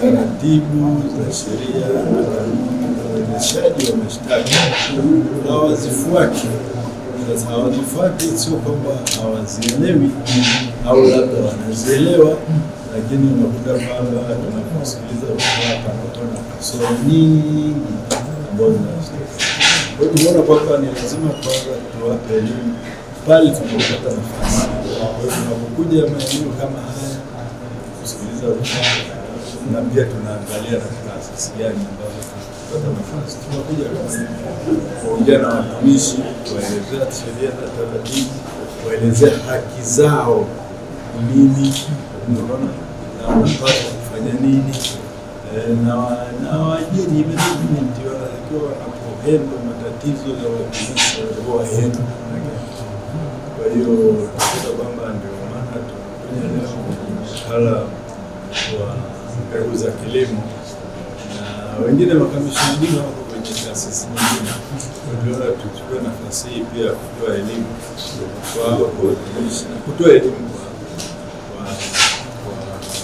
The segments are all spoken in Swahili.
taratibu za sheria na kanuni za uendeshaji wa mashtaka hawazifuati. Sasa hawazifuati, sio kwamba hawazielewi au labda wanazielewa, lakini unakuta kwamba tunaposikiliza watu wanakuwa na kasoro nyingi ambazo zinazo. Tumeona kwamba ni lazima kwanza tuwape elimu pale tunapopata nafasi. Tunapokuja maeneo kama haya kusikiliza rufaa na pia tunaangalia na taasisi gani ambazo tunapata nafasi tunakuja kuongea na watumishi, kuwaelezea sheria na taratibu, kuwaelezea haki zao nini unaona, na wanapata kufanya nini eh, na waajiri management wanatakiwa wanapohendwa matatizo ya watumishi waenda. Kwa hiyo tunakuta kwamba ndio maana tunafanya leo mtaala wa mbegu za kilimo na wengine makamishna wengine wako kwenye taasisi nyingine. Tuliona tuchukue nafasi hii pia kutoa elimu kwa na kutoa elimu kwa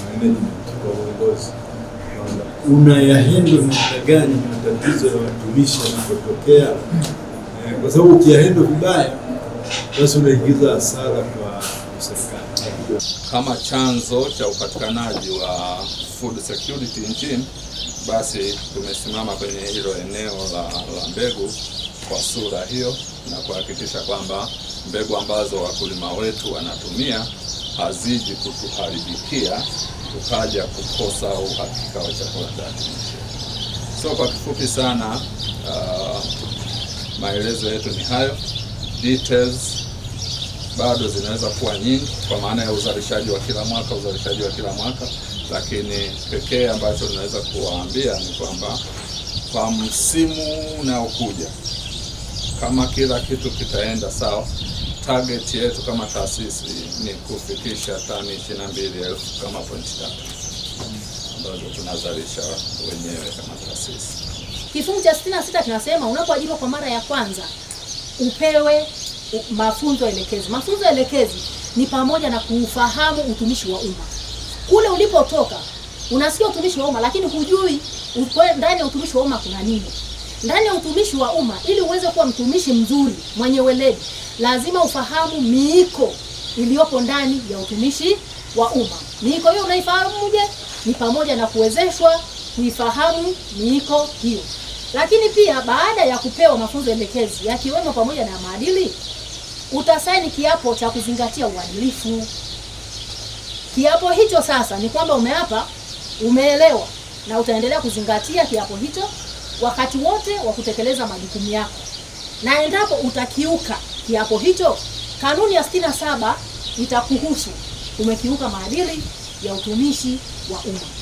management, kwa uongozi kwamba unayahendwa namna gani matatizo ya watumishi yanapotokea, eh, kwa sababu ukiyahendwa vibaya, basi unaingiza hasara kwa serikali kama chanzo cha upatikanaji wa food security nchini. Basi tumesimama kwenye hilo eneo la, la mbegu kwa sura hiyo na kuhakikisha kwamba mbegu ambazo wakulima wetu wanatumia haziji kutuharibikia tukaja kukosa uhakika wa chakula ndani. So kwa kifupi sana, uh, maelezo yetu ni hayo details bado zinaweza kuwa nyingi kwa maana ya uzalishaji wa kila mwaka, uzalishaji wa kila mwaka, lakini pekee ambacho tunaweza kuwaambia ni kwamba kwa msimu unaokuja, kama kila kitu kitaenda sawa, target yetu kama taasisi ni kufikisha tani 22,000 kama point tatu ambazo tunazalisha wenyewe kama taasisi. Kifungu cha 66 kinasema unapoajiriwa kwa mara ya kwanza upewe mafunzo elekezi. Mafunzo elekezi ni pamoja na kuufahamu utumishi wa umma. Kule ulipotoka unasikia utumishi wa umma, lakini hujui ndani ya utumishi wa umma kuna nini. Ndani ya utumishi wa umma, ili uweze kuwa mtumishi mzuri mwenye weledi, lazima ufahamu miiko iliyopo ndani ya utumishi wa umma. Miiko hiyo unaifahamu je? Ni pamoja na kuwezeshwa, kuifahamu miiko hiyo. Lakini pia baada ya kupewa mafunzo elekezi yakiwemo pamoja na maadili utasaini kiapo cha kuzingatia uadilifu. Kiapo hicho sasa ni kwamba umeapa, umeelewa na utaendelea kuzingatia kiapo hicho wakati wote wa kutekeleza majukumu yako, na endapo utakiuka kiapo hicho, kanuni ya sitini na saba itakuhusu umekiuka maadili ya utumishi wa umma.